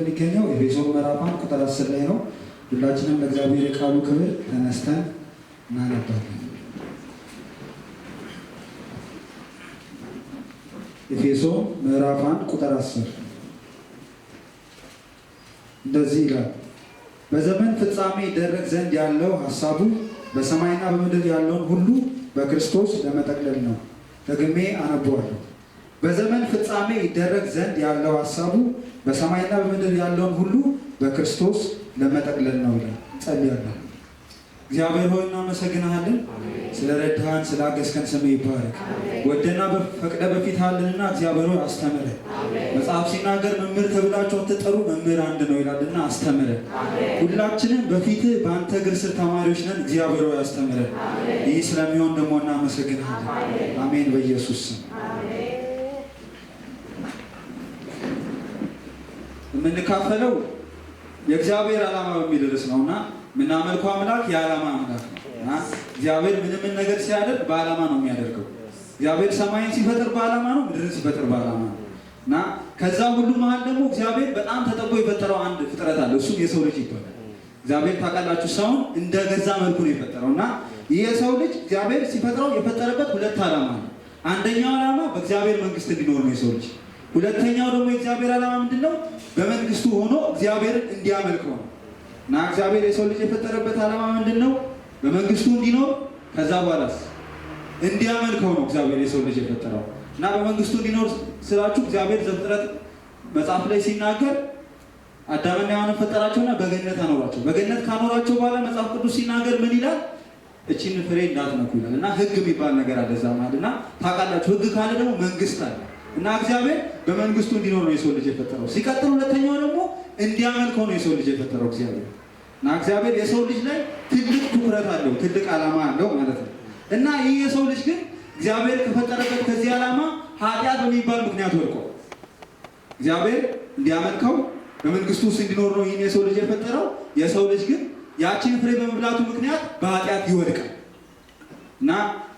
የሚገኘው ኤፌሶን ምዕራፍ አንድ ቁጥር አስር ላይ ነው። ሁላችንም ለእግዚአብሔር የቃሉ ክብር ተነስተን እናነባለን። ኤፌሶን ምዕራፍ አንድ ቁጥር አስር እንደዚህ ይላል በዘመን ፍጻሜ ይደረግ ዘንድ ያለው ሀሳቡ በሰማይና በምድር ያለውን ሁሉ በክርስቶስ ለመጠቅለል ነው። ደግሜ አነበዋለሁ። በዘመን ፍጻሜ ይደረግ ዘንድ ያለው ሀሳቡ በሰማይና በምድር ያለውን ሁሉ በክርስቶስ ለመጠቅለል ነው ይላል። ጸልያለሁ። እግዚአብሔር ሆይ እናመሰግናሃለን፣ ስለ አገዝከን ስም ይባረክ። ወደና ፈቅደ በፊት አለንና እግዚአብሔር ሆይ አስተምረን። መጽሐፍ ሲናገር መምህር ተብላችሁ አትጠሩ፣ መምህር አንድ ነው ይላልና አስተምረን። ሁላችንም በፊት በአንተ እግር ስር ተማሪዎች ነን። እግዚአብሔር ሆይ አስተምረን። ይህ ስለሚሆን ደግሞ እናመሰግናለን። አሜን በኢየሱስ ስም የምንካፈለው የእግዚአብሔር ዓላማ በሚደርስ ነው እና የምናመልከው አምላክ የዓላማ አምላክ ነው እና እግዚአብሔር ምንምን ነገር ሲያደርግ በዓላማ ነው የሚያደርገው። እግዚአብሔር ሰማይን ሲፈጥር በዓላማ ነው፣ ምድርን ሲፈጥር በዓላማ ነው እና ከዛ ሁሉ መሀል ደግሞ እግዚአብሔር በጣም ተጠቦ የፈጠረው አንድ ፍጥረት አለ። እሱም የሰው ልጅ ይባላል። እግዚአብሔር ታውቃላችሁ፣ ሰውን እንደ ገዛ መልኩ ነው የፈጠረው እና ይህ የሰው ልጅ እግዚአብሔር ሲፈጥረው የፈጠረበት ሁለት ዓላማ ነው። አንደኛው ዓላማ በእግዚአብሔር መንግስት እንዲኖር ነው የሰው ልጅ። ሁለተኛው ደግሞ የእግዚአብሔር ዓላማ ምንድን ነው? በመንግስቱ ሆኖ እግዚአብሔርን እንዲያመልክ ነው እና እግዚአብሔር የሰው ልጅ የፈጠረበት ዓላማ ምንድን ነው? በመንግስቱ እንዲኖር ከዛ በኋላስ እንዲያመልከው ነው እግዚአብሔር የሰው ልጅ የፈጠረው። እና በመንግስቱ እንዲኖር ስላችሁ እግዚአብሔር ዘፍጥረት መጽሐፍ ላይ ሲናገር አዳምና ሔዋንን ፈጠራቸውና በገነት አኖራቸው። በገነት ካኖራቸው በኋላ መጽሐፍ ቅዱስ ሲናገር ምን ይላል? እቺን ፍሬ እንዳትነኩ ይላል። እና ህግ የሚባል ነገር አለ እዛ ማለት እና ታውቃላችሁ፣ ህግ ካለ ደግሞ መንግስት አለ እና እግዚአብሔር በመንግስቱ እንዲኖር ነው የሰው ልጅ የፈጠረው። ሲቀጥል ሁለተኛው ደግሞ እንዲያመልከው ነው የሰው ልጅ የፈጠረው እግዚአብሔር እና እግዚአብሔር የሰው ልጅ ላይ ትልቅ ትኩረት አለው፣ ትልቅ ዓላማ አለው ማለት ነው። እና ይህ የሰው ልጅ ግን እግዚአብሔር ከፈጠረበት ከዚህ ዓላማ ኃጢአት በሚባል ምክንያት ወድቆ እግዚአብሔር እንዲያመልከው በመንግስቱ ውስጥ እንዲኖር ነው ይህን የሰው ልጅ የፈጠረው። የሰው ልጅ ግን ያችን ፍሬ በመብላቱ ምክንያት በኃጢአት ይወድቃል እና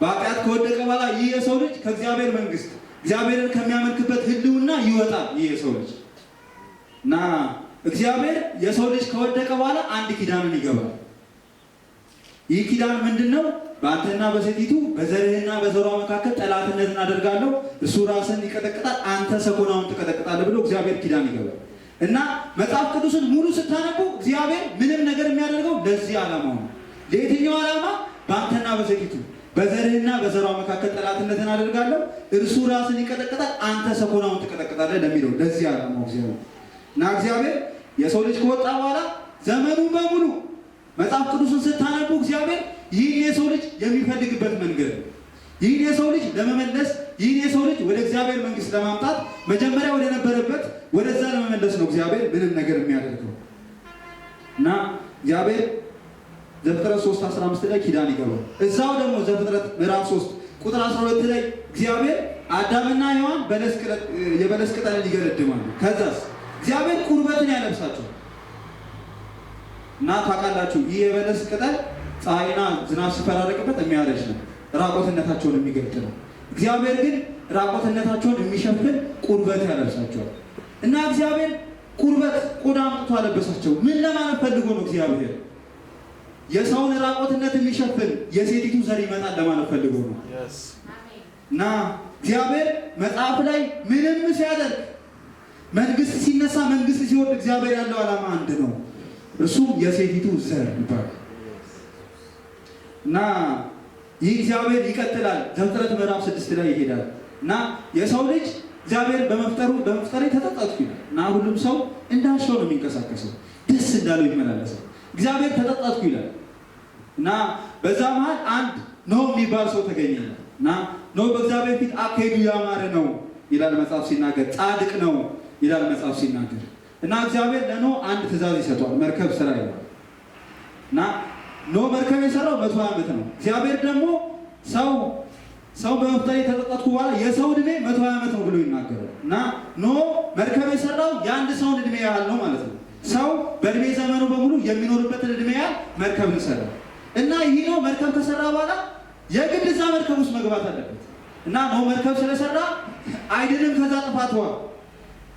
በኃጢአት ከወደቀ በኋላ ይህ የሰው ልጅ ከእግዚአብሔር መንግስት እግዚአብሔርን ከሚያመልክበት ህልውና ይወጣል ይህ የሰው ልጅ እና እግዚአብሔር የሰው ልጅ ከወደቀ በኋላ አንድ ኪዳንን ይገባል። ይህ ኪዳን ምንድን ነው? በአንተና በሴቲቱ በዘርህና በዘሯ መካከል ጠላትነትን አደርጋለሁ፣ እሱ ራስን ይቀጠቅጣል፣ አንተ ሰኮናውን ትቀጠቅጣለህ ብሎ እግዚአብሔር ኪዳን ይገባል እና መጽሐፍ ቅዱስን ሙሉ ስታነቡ እግዚአብሔር ምንም ነገር የሚያደርገው ለዚህ ዓላማው ነው። ለየትኛው ዓላማ? በአንተና በሴቲቱ በዘርህና በዘሯ መካከል ጠላትነትን አደርጋለሁ። እርሱ ራስን ይቀጠቅጣል፣ አንተ ሰኮናውን ትቀጠቅጣለህ ለሚለው ለዚህ ዓላማው እግዚአብሔር እና እግዚአብሔር የሰው ልጅ ከወጣ በኋላ ዘመኑ በሙሉ መጽሐፍ ቅዱስን ስታነቡ እግዚአብሔር ይህን የሰው ልጅ የሚፈልግበት መንገድ ነው። ይህን የሰው ልጅ ለመመለስ ይህን የሰው ልጅ ወደ እግዚአብሔር መንግስት ለማምጣት መጀመሪያ ወደ ነበረበት ወደዛ ለመመለስ ነው እግዚአብሔር ምንም ነገር የሚያደርገው እና እግዚአብሔር ዘፍጥረት 3 15 ላይ ኪዳን ይገባል። እዛው ደግሞ ዘፍጥረት ምዕራፍ 3 ቁጥር 12 ላይ እግዚአብሔር አዳምና ሔዋን የበለስ ቅጠል ይገለድማሉ። ከዛስ እግዚአብሔር ቁርበትን ያለብሳቸዋል። እና ታውቃላችሁ ይህ የበለስ ቅጠል ፀሐይና ዝናብ ሲፈራረቅበት የሚያረጅ ነው፣ ራቆትነታቸውን የሚገልጥ ነው። እግዚአብሔር ግን ራቆትነታቸውን የሚሸፍን ቁርበት ያለብሳቸዋል። እና እግዚአብሔር ቁርበት ቆዳ አምጥቶ አለበሳቸው። ምን ለማለት ፈልጎ ነው እግዚአብሔር የሰውን ራቆትነት የሚሸፍን የሴቲቱ ዘር ይመጣል ለማለት ፈልጎ ነው እና እግዚአብሔር መጽሐፍ ላይ ምንም ሲያደርግ መንግስት ሲነሳ መንግስት ሲወድ እግዚአብሔር ያለው ዓላማ አንድ ነው። እሱም የሴቲቱ ዘር ይባላል እና ይህ እግዚአብሔር ይቀጥላል። ዘፍጥረት ምዕራፍ ስድስት ላይ ይሄዳል እና የሰው ልጅ እግዚአብሔር በመፍጠሩ በመፍጠሬ ተጠጣጥኩ ይላል እና ሁሉም ሰው እንዳሻው ነው የሚንቀሳቀሰው፣ ደስ እንዳለው ይመላለሳል። እግዚአብሔር ተጠጣጥኩ ይላል። እና በዛ መሀል አንድ ኖ የሚባል ሰው ተገኘ እና ኖ በእግዚአብሔር ፊት አካሄዱ ያማረ ነው ይላል መጽሐፍ ሲናገር፣ ጻድቅ ነው ይላል መጽሐፍ ሲናገር እና እግዚአብሔር ለኖ አንድ ትእዛዝ ይሰጠዋል። መርከብ ስራ ይላል እና ኖ መርከብ የሰራው መቶ ዓመት ነው። እግዚአብሔር ደግሞ ሰው ሰው በመፍጠር የተጠቀጥኩ በኋላ የሰው እድሜ መቶ ዓመት ነው ብሎ ይናገራል እና ኖህ መርከብ የሰራው የአንድ ሰውን እድሜ ያህል ነው ማለት ነው። ሰው በእድሜ ዘመኑ በሙሉ የሚኖርበትን እድሜ ያህል መርከብ ሰራል። እና ይህ ነው መርከብ ከሰራ በኋላ የግድ እዛ መርከብ ውስጥ መግባት አለበት እና ነው መርከብ ስለሰራ አይድንም ከዛ ጥፋት ውሃ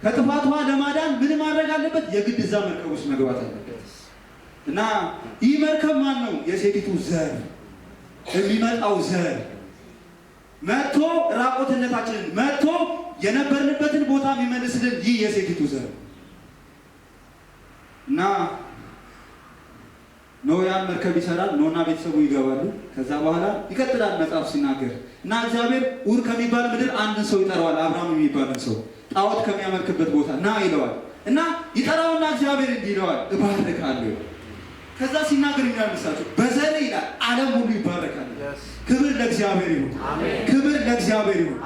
ከጥፋት ውሃ ለማዳን ምን ማድረግ አለበት? የግድ እዛ መርከብ ውስጥ መግባት አለበት እና ይህ መርከብ ማን ነው? የሴቲቱ ዘር የሚመጣው ዘር መጥቶ ራቆትነታችንን መጥቶ የነበርንበትን ቦታ የሚመልስልን ይህ የሴቲቱ ዘር እና ኖያን መርከብ ይሰራል። ኖና ቤተሰቡ ይገባሉ። ከዛ በኋላ ይቀጥላል መጽሐፍ ሲናገር እና እግዚአብሔር ኡር ከሚባል ምድር አንድን ሰው ይጠራዋል። አብርሃም የሚባልን ሰው ጣዖት ከሚያመልክበት ቦታ ና ይለዋል እና ይጠራውና እግዚአብሔር እንዲህ ይለዋል፣ እባርካለሁ። ከዛ ሲናገር የሚያነሳቸው በዘር ይላል ዓለም ሁሉ ይባረካል። ክብር ለእግዚአብሔር ይሁን፣ ክብር ለእግዚአብሔር ይሁን።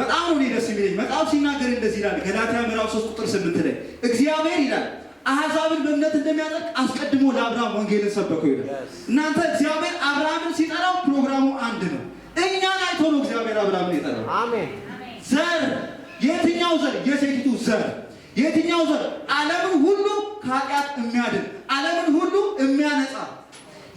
በጣም እኔ ደስ የሚለኝ መጽሐፍ ሲናገር እንደዚህ ይላል፣ ገላትያ ምዕራፍ 3 ቁጥር 8 ላይ እግዚአብሔር ይላል አሕዛብን በእምነት እንደሚያደርግ አስቀድሞ ለአብርሃም ወንጌልን ሰበከው ይላል። እናንተ እግዚአብሔር አብርሃምን ሲጠራው ፕሮግራሙ አንድ ነው። እኛን አይቶ ነው እግዚአብሔር አብርሃምን የጠራው። ዘር የትኛው ዘር? የሴቲቱ ዘር። የትኛው ዘር? ዓለምን ሁሉ ከኃጢአት የሚያድን ዓለምን ሁሉ የሚያነጻ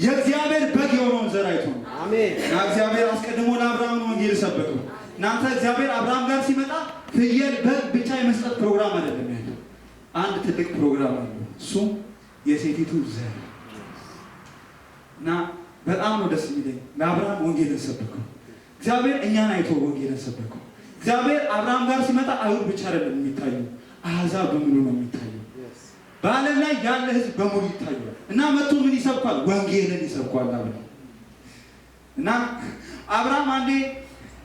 የእግዚአብሔር በግ የሆነውን ዘር አይቶ ነው አሜን። እግዚአብሔር አስቀድሞ ለአብርሃምን ወንጌል ሰበከው። እናንተ እግዚአብሔር አብርሃም ጋር ሲመጣ ፍየል በግ ብቻ የመስጠት ፕሮግራም አይደለም። አንድ ትልቅ ፕሮግራም አለ። እሱም የሴቲቱ ዘር እና በጣም ነው ደስ የሚለኝ። ለአብርሃም ወንጌልን ሰበከው። እግዚአብሔር እኛን አይቶ ወንጌልን ሰበከው። እግዚአብሔር አብርሃም ጋር ሲመጣ አይሁድ ብቻ አይደለም የሚታዩ አሕዛብ በሙሉ ነው የሚታዩ። በዓለም ላይ ያለ ሕዝብ በሙሉ ይታያል እና መቶ ምን ይሰብኳል? ወንጌልን ይሰብኳል አብርሃም እና አብርሃም አንዴ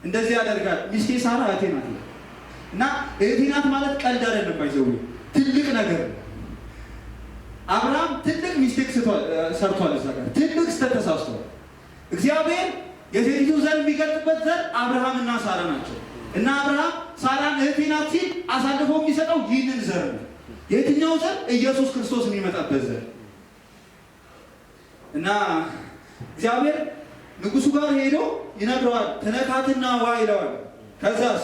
እንደዚህ ያደርጋል። ሚስቴ ሳራ እህቴ ናት እና እህቴ ናት ማለት ቀልድ አይደለም። አይዘው ትልቅ ነገር አብርሃም ትልቅ ሚስቴክ ሰርቷል። እዛ ጋር ትልቅ ስህተት እግዚአብሔር የሴቲቱ ዘር የሚገልጥበት ዘር አብርሃም እና ሳራ ናቸው እና አብርሃም ሳራን እህቴ ናት ሲል አሳልፎ የሚሰጠው ይህንን ዘር ነው። የትኛው ዘር? ኢየሱስ ክርስቶስ የሚመጣበት ዘር እና እግዚአብሔር ንጉሱ ጋር ሄዶ ይነግረዋል። ትነካትና ዋ ይለዋል። ከዛስ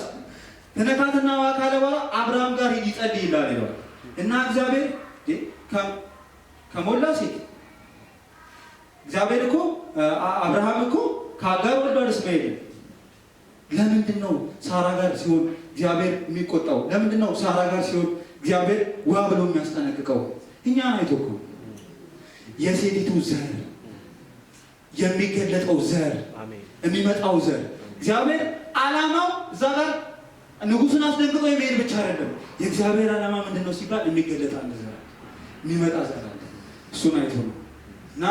ከነካትና ውሃ ካለ በኋላ አብርሃም ጋር ይጸልይ ይላል ይለዋል እና እግዚአብሔር ከሞላ ሴት እግዚአብሔር እኮ አብርሃም እኮ ከአጋር ወልዷል መሄድ ለምንድን ነው ሳራ ጋር ሲሆን እግዚአብሔር የሚቆጣው? ለምንድን ነው ሳራ ጋር ሲሆን እግዚአብሔር ዋ ብሎ የሚያስጠነቅቀው? እኛን አይቶ እኮ የሴቲቱ ዘር የሚገለጠው ዘር የሚመጣው ዘር እግዚአብሔር አላማው እዛ ጋር ንጉሱን አስደንግጦ የመሄድ ብቻ አይደለም። የእግዚአብሔር ዓላማ ምንድን ነው ሲባል የሚገለጥ አንድ የሚመጣ ዘር እሱን አይቶ ነው እና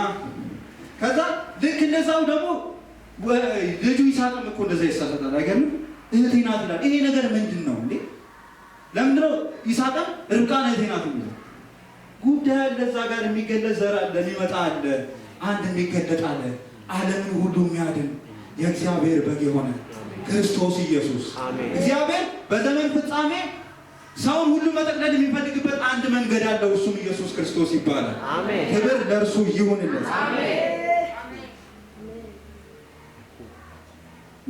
ከዛ ልክ እንደዛው ደግሞ ልጁ ይሳቅም እኮ እንደዛ ይሳሳታል አይገርም። እህቴ ናት ይላል። ይሄ ነገር ምንድን ነው እንዴ? ለምንድነው ይሳቅም ርብቃን እህቴ ናት ሚ ጉዳይ አለ፣ እዛ ጋር የሚገለጽ ዘር አለ፣ የሚመጣ አለ፣ አንድ የሚገለጥ አለ፣ ዓለምን ሁሉ የሚያድን የእግዚአብሔር በግ የሆነ ክርስቶስ ኢየሱስ። እግዚአብሔር በዘመን ፍጻሜ ሰውን ሁሉ መጠቅለል የሚፈልግበት አንድ መንገድ አለው። እሱም ኢየሱስ ክርስቶስ ይባላል። ክብር ለእርሱ ይሁንለት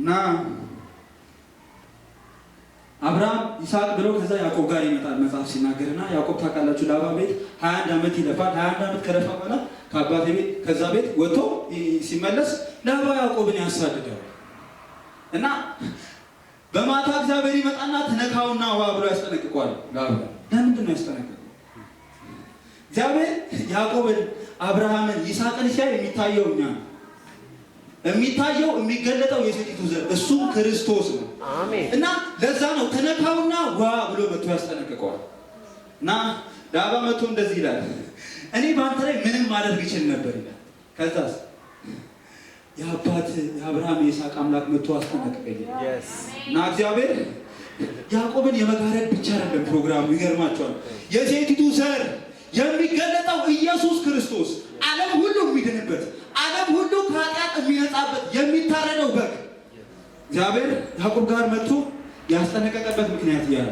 እና አብርሃም ይስሐቅ ብሎ ከዛ ያዕቆብ ጋር ይመጣል መጽሐፍ ሲናገርና እና ያዕቆብ ታውቃላችሁ ለአባ ቤት ሀያ አንድ ዓመት ይለፋል። ሀያ አንድ ዓመት ከለፋ በኋላ ከአባቴ ቤት ከዛ ቤት ወጥቶ ሲመለስ ለአባ ያዕቆብን ያሳድደዋል እና በማታ እግዚአብሔር ይመጣና ትነካውና ዋ ብሎ ያስጠነቅቋል። ለምንድን ነው ያስጠነቅቀው? እግዚአብሔር ያዕቆብን፣ አብርሃምን፣ ይስሐቅን ሲያይ የሚታየው እኛ ነው የሚታየው የሚገለጠው የሴቲቱ ዘር እሱም ክርስቶስ ነው። እና ለዛ ነው ተነካውና ዋ ብሎ መቶ ያስጠነቅቀዋል። እና ዳባ መቶ እንደዚህ ይላል፣ እኔ በአንተ ላይ ምንም ማድረግ ይችል ነበር ይላል። ከዛስ የአባት የአብርሃም የይስሐቅ አምላክ መጥቶ አስጠነቀቀኝ እና እግዚአብሔር ያዕቆብን የመጋረድ ብቻ አይደለም ፕሮግራሙ። ይገርማቸዋል። የሴቲቱ ዘር የሚገለጠው ኢየሱስ ክርስቶስ ዓለም ሁሉ የሚድንበት ዓለም ሁሉ ከኃጢአት የሚነጻበት የሚታረደው በግ እግዚአብሔር ያዕቆብ ጋር መጥቶ ያስጠነቀቀበት ምክንያት እያለ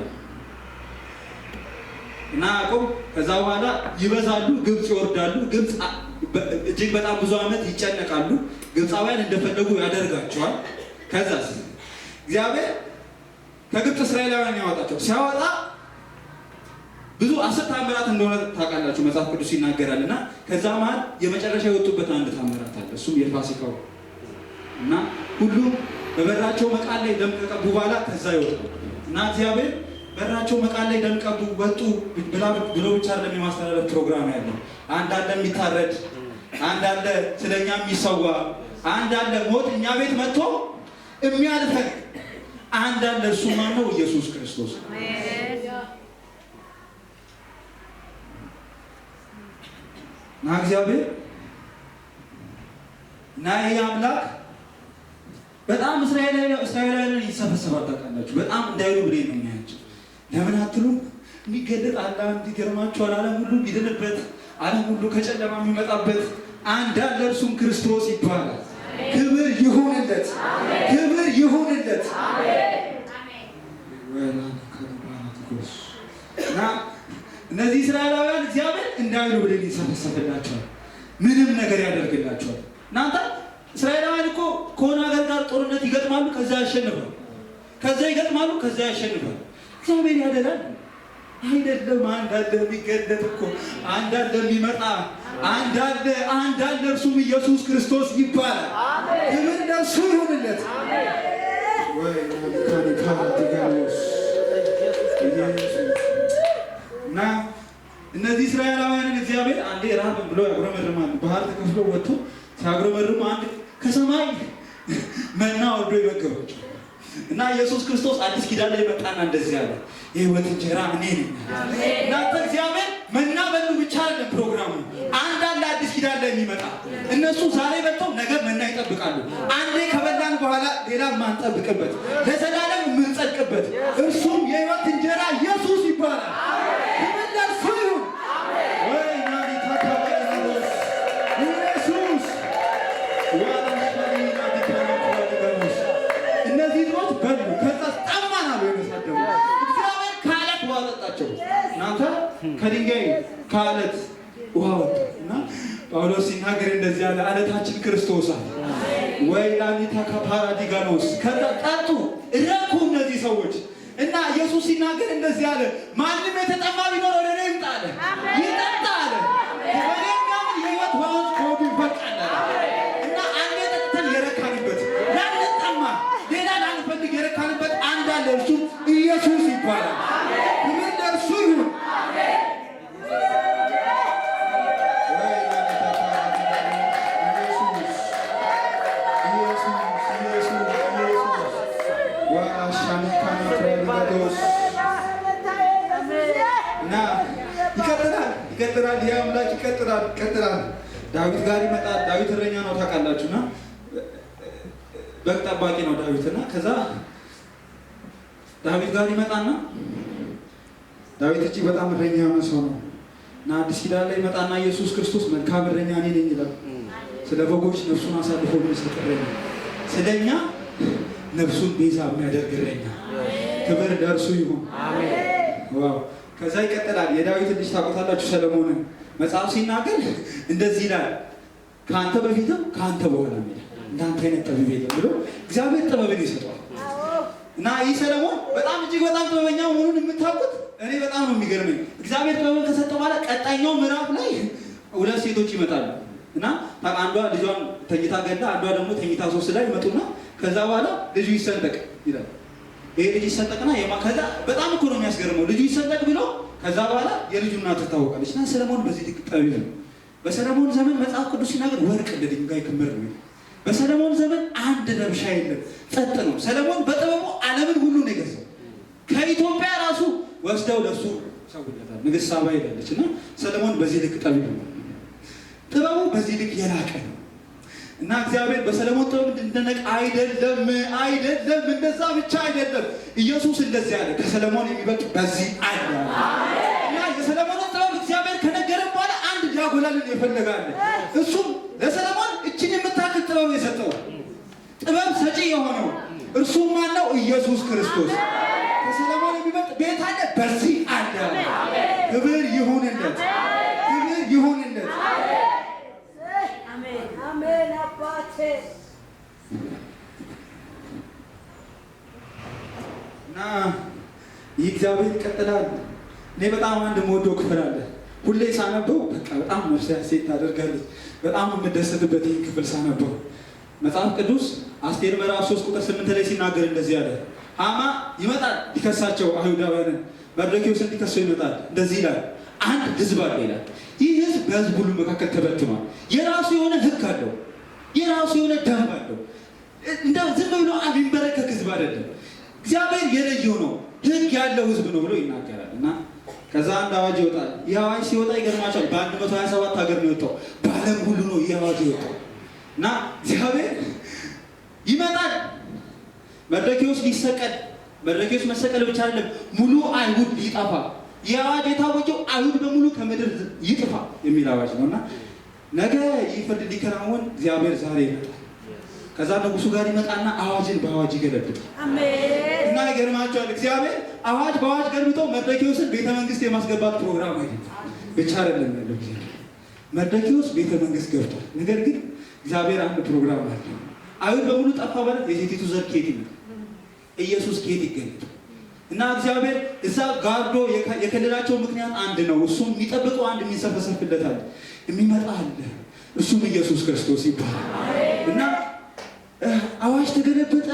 እና ያዕቆብ ከዛ በኋላ ይበዛሉ፣ ግብፅ ይወርዳሉ። ግብፅ እጅግ በጣም ብዙ ዓመት ይጨነቃሉ። ግብፃውያን እንደፈለጉ ያደርጋቸዋል። ከዛ እግዚአብሔር ከግብፅ እስራኤላውያን ያወጣቸው ሲያወጣ ብዙ አስር ታምራት እንደሆነ ታውቃላችሁ፣ መጽሐፍ ቅዱስ ይናገራል። እና ከዛ መሀል የመጨረሻ የወጡበት አንድ ታምራት አለ። እሱም የፋሲካው እና ሁሉም በበራቸው መቃል ላይ ደም ከቀቡ በኋላ ከዛ ይወጡ እና እግዚአብሔር በራቸው መቃል ላይ ደም ቀቡ ወጡ ብሎ ብቻ አይደለም የማስተላለፍ ፕሮግራም ያለው አንዳንድ የሚታረድ አንዳንድ ስለኛ የሚሰዋ አንድ አለ ሞት እኛ ቤት መጥቶ የሚያልፈን አንድ አለ። እሱ ማን ነው? ኢየሱስ ክርስቶስ። ና እግዚአብሔር ና ይህ አምላክ በጣም እስራኤላውያንን ይሰበሰባል። ታውቃላችሁ በጣም እንዳይሉ ብሌ ነው የሚያቸው ለምን አትሉ የሚገለጥ አለ አንድ ይገርማችኋል። ዓለም ሁሉ የሚድንበት ዓለም ሁሉ ከጨለማ የሚመጣበት አንድ አለ እርሱም ክርስቶስ ይባላል። ክብር ይሁንለት፣ ክብር ይሁንለት። እና እነዚህ እስራኤላውያን እግዚአብሔር እንዳይሉ ብለን ይሰበሰብላቸዋል፣ ምንም ነገር ያደርግላቸዋል። እናንተ እስራኤላውያን እኮ ከሆነ ሀገር ጋር ጦርነት ይገጥማሉ፣ ከዛ ያሸንፋሉ፣ ከዛ ይገጥማሉ፣ ከዛ ያሸንፋል። እግዚአብሔር ያደላል አይደለም አንዳንድ የሚገለጥ እኮ አንዳንድ የሚመጣ አንዳንድ አንዳንድ እርሱም ኢየሱስ ክርስቶስ ይባላል። ይህን ይሁንለት እና እነዚህ እስራኤላውያንን እግዚአብሔር አንዴ ራብ ብሎ ያጉረመርማል። ባህር ተከፍሎ ወጥቶ ሲያጉረመርሙ አንድ ከሰማይ መና ወርዶ ይመገባቸው እና ኢየሱስ ክርስቶስ አዲስ ኪዳን ላይ መጣና እንደዚህ ያለ የህይወት እንጀራ እኔ ነኝ። እናንተ እግዚአብሔር መና በሉ ብቻ አይደለም ፕሮግራሙ። አንዳንድ አዲስ ኪዳን ላይ የሚመጣ እነሱ ዛሬ በልተው ነገ መና ይጠብቃሉ። አንዴ ከበላን በኋላ ሌላ ማንጠብቅበት ለዘላለም ለዚያ ለአለታችን ክርስቶስ አለ ወይ ላኒታ ከፓራዲጋኖስ ከጠጡ ጋር ይመጣና ዳዊት እጅግ በጣም እረኛ የሆነ ሰው ነው እና አዲስ ኪዳን ላይ ይመጣና ኢየሱስ ክርስቶስ መልካም እረኛ እኔ ነኝ ይላል። ስለ በጎች ነፍሱን አሳልፎ የሚሰጥ እረኛ፣ ስለ እኛ ነፍሱን ቤዛ የሚያደርግ እረኛ፣ ክብር ለእርሱ ይሁን። ከዛ ይቀጥላል። የዳዊት ልጅ ታውቁታላችሁ ሰለሞንን መጽሐፍ ሲናገር እንደዚህ ይላል፣ ከአንተ በፊትም ከአንተ በኋላ እንዳንተ አይነት ጠቢብ የለም ብሎ እግዚአብሔር ጥበብን ይሰጠዋል። እና ይህ ሰለሞን በጣም እጅግ በጣም ጥበበኛ መሆኑን የምታውቁት እኔ በጣም ነው የሚገርመኝ። እግዚአብሔር ጥበብን ከሰጠ በኋላ ቀጣኛው ምዕራፍ ላይ ሁለት ሴቶች ይመጣሉ እና አንዷ ልጇን ተኝታ ገዳ አንዷ ደግሞ ተኝታ ሶስት ላይ ይመጡና ከዛ በኋላ ልጁ ይሰንጠቅ ይላል። ይሄ ልጅ ይሰንጠቅና ከዛ በጣም እኮ ነው የሚያስገርመው ልጁ ይሰንጠቅ ብሎ ከዛ በኋላ የልጁ እናት ትታወቃለች። እና ሰለሞን በዚህ ድቅ ጠቢብ ነው። በሰለሞን ዘመን መጽሐፍ ቅዱስ ሲናገር ወርቅ እንደ ድንጋይ ክምር ነው በሰለሞን ዘመን አንድ ነብሻ የለም፣ ጸጥ ነው። ሰለሞን በጥበቡ ዓለምን ሁሉ ነው የገዛው። ከኢትዮጵያ ራሱ ወስደው ለሱ ሰውለታል። ንግሥት ሳባ ይላለች እና ሰለሞን በዚህ ልክ ጠቢብ ነው፣ ጥበቡ በዚህ ልክ የላቀ ነው እና እግዚአብሔር በሰለሞን ጥበብ እንድንደነቅ አይደለም፣ አይደለም። እንደዛ ብቻ አይደለም። ኢየሱስ እንደዚህ ያለ ከሰለሞን የሚበልጥ በዚህ አለ። እና ጥበብ እግዚአብሔር ከነገረ በኋላ አንድ ዲያጎላልን የፈለጋለን እሱም ለሰለሞን የሆነው እርሱም ማነው? ኢየሱስ ክርስቶስ ከሰለሞን የሚበልጥ ቤት አለ? በዚህ አለ። ክብር ይሁንለት፣ ክብር ይሁንለት። አሜን አባቴ እና ይህ እግዚአብሔር ይቀጥላል። እኔ በጣም አንድ ሞዶ ክፍል አለ። ሁሌ ሳነበው በቃ በጣም ነፍሴ ሴት ታደርጋለች። በጣም የምደሰትበት ይህን ክፍል ሳነበው መጽሐፍ ቅዱስ አስቴር ምዕራፍ 3 ቁጥር 8 ላይ ሲናገር እንደዚህ አለ። ሃማ ይመጣል ሊከሳቸው አይሁዳውያንን መርዶክዮስን ሊከሰው ይመጣል። እንደዚህ ይላል፣ አንድ ህዝብ አለ ይላል። ይህ ህዝብ በህዝብ ሁሉ መካከል ተበትኗል። የራሱ የሆነ ህግ አለው፣ የራሱ የሆነ ደንብ አለው። እንደው ዝም ብሎ የሚንበረከክ ህዝብ አይደለም። እግዚአብሔር የለየው ነው፣ ህግ ያለው ህዝብ ነው ብሎ ይናገራል እና ከዛ አንድ አዋጅ ይወጣል። ይህ አዋጅ ሲወጣ ይገርማቸዋል። በ በ127 ሀገር ነው የወጣው። በአለም ሁሉ ነው ይህ አዋጅ የወጣው። እና እግዚአብሔር ይመጣል። መርዶክዮስ ሊሰቀል መርዶክዮስ መሰቀል ብቻ አይደለም፣ ሙሉ አይሁድ ሊጠፋ ይህ አዋጅ የታወጀው አይሁድ በሙሉ ከምድር ይጥፋ የሚል አዋጅ ነው እና ነገ ይህ ፍርድ ሊከናወን እግዚአብሔር ዛሬ ይመጣል። ከዛ ንጉሱ ጋር ይመጣና አዋጅን በአዋጅ ይገለብጣል። እና ይገርማቸዋል። እግዚአብሔር አዋጅ በአዋጅ ገልብጦ መርዶክዮስን ቤተ መንግስት የማስገባት ፕሮግራም አይደለም ብቻ አይደለም ያለው መርዶክዮስ ቤተ መንግስት ገብቷል። ነገር ግን እግዚአብሔር አንድ ፕሮግራም አለ። አይሁድ በሙሉ ጠፋ ማለት የሴቲቱ ዘር ከየት ይመጣል? ኢየሱስ ከየት ይገኛል? እና እግዚአብሔር እዛ ጋርዶ የከለላቸው ምክንያት አንድ ነው። እሱም የሚጠብቀው አንድ የሚንሰፈሰፍለት አለ፣ የሚመጣ አለ። እሱም ኢየሱስ ክርስቶስ ይባላል። እና አዋጅ ተገለበጠ፣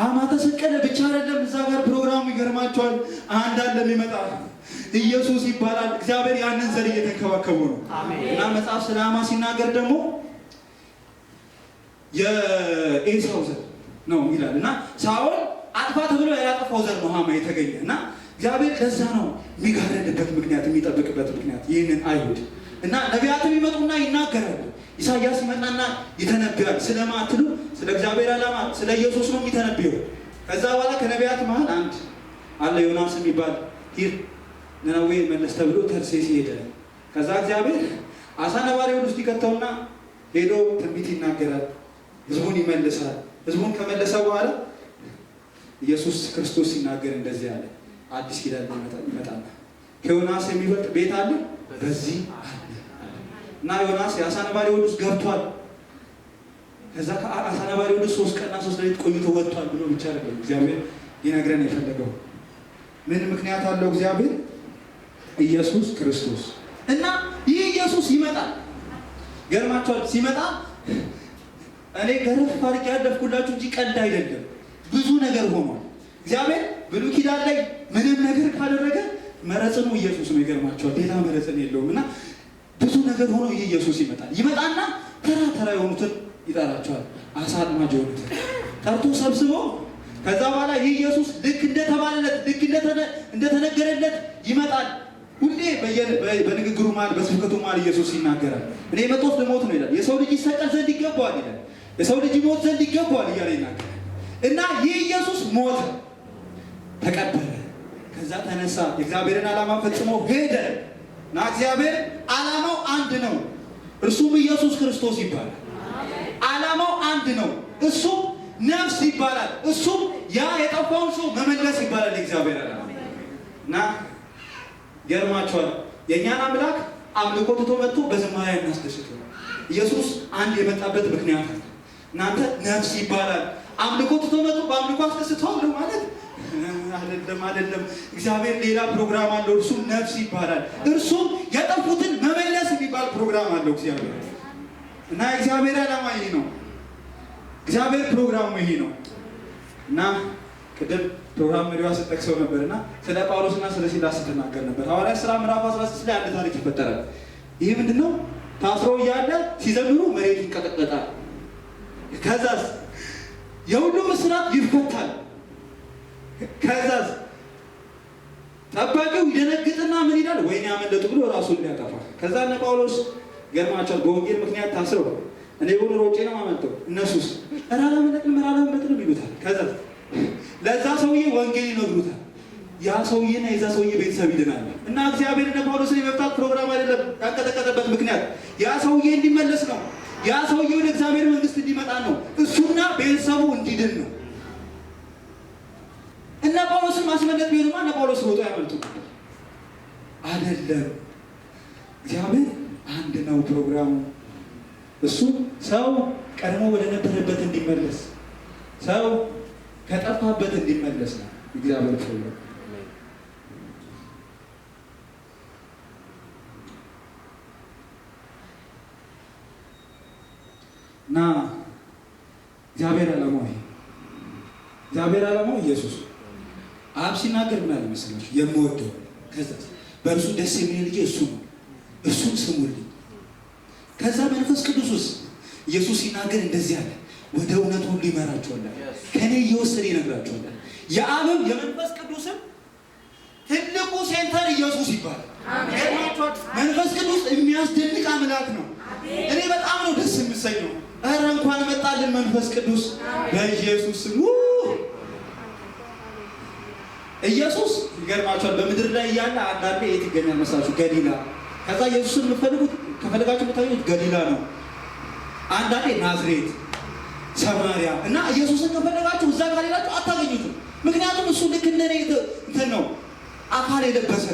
ሐማ ተሰቀለ ብቻ አይደለም። እዛ ጋር ፕሮግራሙ ይገርማቸዋል። አንድ አለ የሚመጣ ኢየሱስ ይባላል። እግዚአብሔር ያንን ዘር እየተንከባከቡ ነው። እና መጽሐፍ ስለ ሐማ ሲናገር ደግሞ የኤሳው ዘር ነው ይላል እና ሳኦል አጥፋ ተብሎ ያላጠፋው ዘር ነው ሐማ የተገኘ እና እግዚአብሔር ለዛ ነው የሚጋረድበት ምክንያት የሚጠብቅበት ምክንያት ይህንን አይሁድ እና ነቢያትም ይመጡና ይናገራሉ። ኢሳያስ ይመጣና ይተነብያል። ስለማትሉ ስለ እግዚአብሔር ዓላማ ስለ ኢየሱስ ነው የሚተነብየው። ከዛ በኋላ ከነቢያት መሀል አንድ አለ ዮናስ የሚባል ሂድ ነነዌ መለስ ተብሎ ተርሴስ ይሄዳል። ከዛ እግዚአብሔር አሳ ነባሪ ውስጥ ይከተውና ሄዶ ትንቢት ይናገራል። ህዝቡን ይመልሳል። ህዝቡን ከመለሰ በኋላ ኢየሱስ ክርስቶስ ሲናገር እንደዚህ አለ፣ አዲስ ኪዳን ይመጣል። ከዮናስ የሚበልጥ ቤት አለ በዚህ እና ዮናስ የአሳ ነባሪ ውስጥ ገብቷል። ከዛ ከአሳ ነባሪ ውስጥ ሶስት ቀንና ሶስት ሌሊት ቆይቶ ወጥቷል ብሎ ብቻ አይደለም እግዚአብሔር ሊነግረን የፈለገው። ምን ምክንያት አለው እግዚአብሔር? ኢየሱስ ክርስቶስ እና ይህ ኢየሱስ ይመጣል። ገርማቸዋል ሲመጣ እኔ ገረፍ አድርጌ ያለፍኩላችሁ እንጂ ቀልድ አይደለም። ብዙ ነገር ሆኗል። እግዚአብሔር ብሉይ ኪዳን ላይ ምንም ነገር ካደረገ መረጽኑ ኢየሱስ ነው። ይገርማቸዋል። ሌላ መረጽን የለውም እና ብዙ ነገር ሆኖ ይህ ኢየሱስ ይመጣል። ይመጣና ተራ ተራ የሆኑትን ይጠራቸዋል። አሳ አጥማጅ የሆኑትን ጠርቶ ሰብስቦ ከዛ በኋላ ይህ ኢየሱስ ልክ እንደተባለለት ልክ እንደተነገረለት ይመጣል። ሁሌ በንግግሩ መሃል በስብከቱ መሃል ኢየሱስ ይናገራል። እኔ የመጣሁት ለሞት ነው ይላል። የሰው ልጅ ይሰቀል ዘንድ ይገባዋል ይላል። የሰው ልጅ ሞት ዘንድ ይገባዋል እያለ ይናገራል። እና ይህ ኢየሱስ ሞተ፣ ተቀበረ፣ ከዛ ተነሳ፣ የእግዚአብሔርን ዓላማ ፈጽሞ ሄደ እና እግዚአብሔር ዓላማው አንድ ነው፣ እርሱም ኢየሱስ ክርስቶስ ይባላል። ዓላማው አንድ ነው፣ እሱም ነፍስ ይባላል። እሱም ያ የጠፋውን ሰው መመለስ ይባላል። የእግዚአብሔር ዓላማ እና ገርማቸዋል። የእኛን አምላክ አምልኮ ትቶ መጥቶ በዝማሬ እናስደስት። ኢየሱስ አንድ የመጣበት ምክንያት ነው። እናንተ ነፍስ ይባላል። አምልኮ ትቶ መጡ። በአምልኮ አስደስተዋለሁ ማለት አይደለም፣ አይደለም። እግዚአብሔር ሌላ ፕሮግራም አለው። እርሱም ነፍስ ይባላል። እርሱም የጠፉትን መመለስ የሚባል ፕሮግራም አለው እግዚአብሔር እና የእግዚአብሔር ዓላማ ይሄ ነው። እግዚአብሔር ፕሮግራሙ ይሄ ነው እና ቅድም ፕሮግራም መሪዋ ስጠቅሰው ነበር እና ስለ ጳውሎስና ስለ ሲላስ ስትናገር ነበር። ሐዋርያት ስራ ምዕራፍ 16 ላይ አንድ ታሪክ ይፈጠራል። ይህ ምንድነው? ታስሮ እያለ ሲዘምሩ መሬት ይንቀጠቀጣል። ከዛስ የሁሉ ምስራት ይፈታል። ከዛስ ጠባቂው ይደነግጥና ምን ይላል? ወይኔ ያመለጡ ብሎ ራሱን ሊያጠፋ። ከዛ እነ ጳውሎስ ገርማቸው በወንጌል ምክንያት ታስረው እኔ ብሎ ሮጬ ነው አመልጠው፣ እነሱስ ራላመለጥንም ራላመለጥንም ይሉታል። ከዛ ለዛ ሰውዬ ወንጌል ይነግሩታል። ያ ሰውዬና የዛ ሰውዬ ቤተሰብ ይድናል። እና እግዚአብሔር እነ ጳውሎስን የመፍታት ፕሮግራም አይደለም ያንቀጠቀጠበት ምክንያት ያ ሰውዬ እንዲመለስ ነው። ያ ሰውዬ ወደ እግዚአብሔር መንግስት እንዲመጣ ነው። እሱና ቤተሰቡ እንዲድን ነው። እነ ጳውሎስን ማስመለጥ ቢሆንማ እነ ጳውሎስ ሮጦ ያመልጡ አይደለም። እግዚአብሔር አንድ ነው ፕሮግራሙ። እሱ ሰው ቀድሞ ወደ ነበረበት እንዲመለስ፣ ሰው ከጠፋበት እንዲመለስ ነው እግዚአብሔር ፕሮግራም እና እግዚአብሔር ዓላማው ይሄ እግዚአብሔር ዓላማው ኢየሱስ አብ ሲናገር ምን አለ የምወደው ከዛ በእርሱ ደስ የሚል ልጅ እሱ ነው፣ እሱን ስሙልኝ። ከዛ መንፈስ ቅዱስ ኢየሱስ ሲናገር እንደዚህ አለ፣ ወደ እውነት ሁሉ ይመራችኋል፣ ከእኔ እየወሰደ ይነግራችኋል። የአብም የመንፈስ ቅዱስም ትልቁ ሴንተር ኢየሱስ ይባላል። መንፈስ ቅዱስ የሚያስደንቅ አምላክ ነው። እኔ በጣም ነው ደስ የምሰኘው እረ እንኳን መጣልን መንፈስ ቅዱስ በኢየሱስ ኢየሱስ ይገርማቸዋል። በምድር ላይ እያለ አንዳንዴ የት ይገኛል መሰላችሁ? ገሊላ። ከዛ ኢየሱስን የምትፈልጉት ከፈለጋችሁ የምታገኙት ገሊላ ነው። አንዳንዴ ናዝሬት፣ ሰማሪያ እና ኢየሱስን ከፈለጋችሁ እዛ ጋር ሌላችሁ አታገኙትም። ምክንያቱም እሱ ልክ እንደኔ እንትን ነው አካል የለበሰ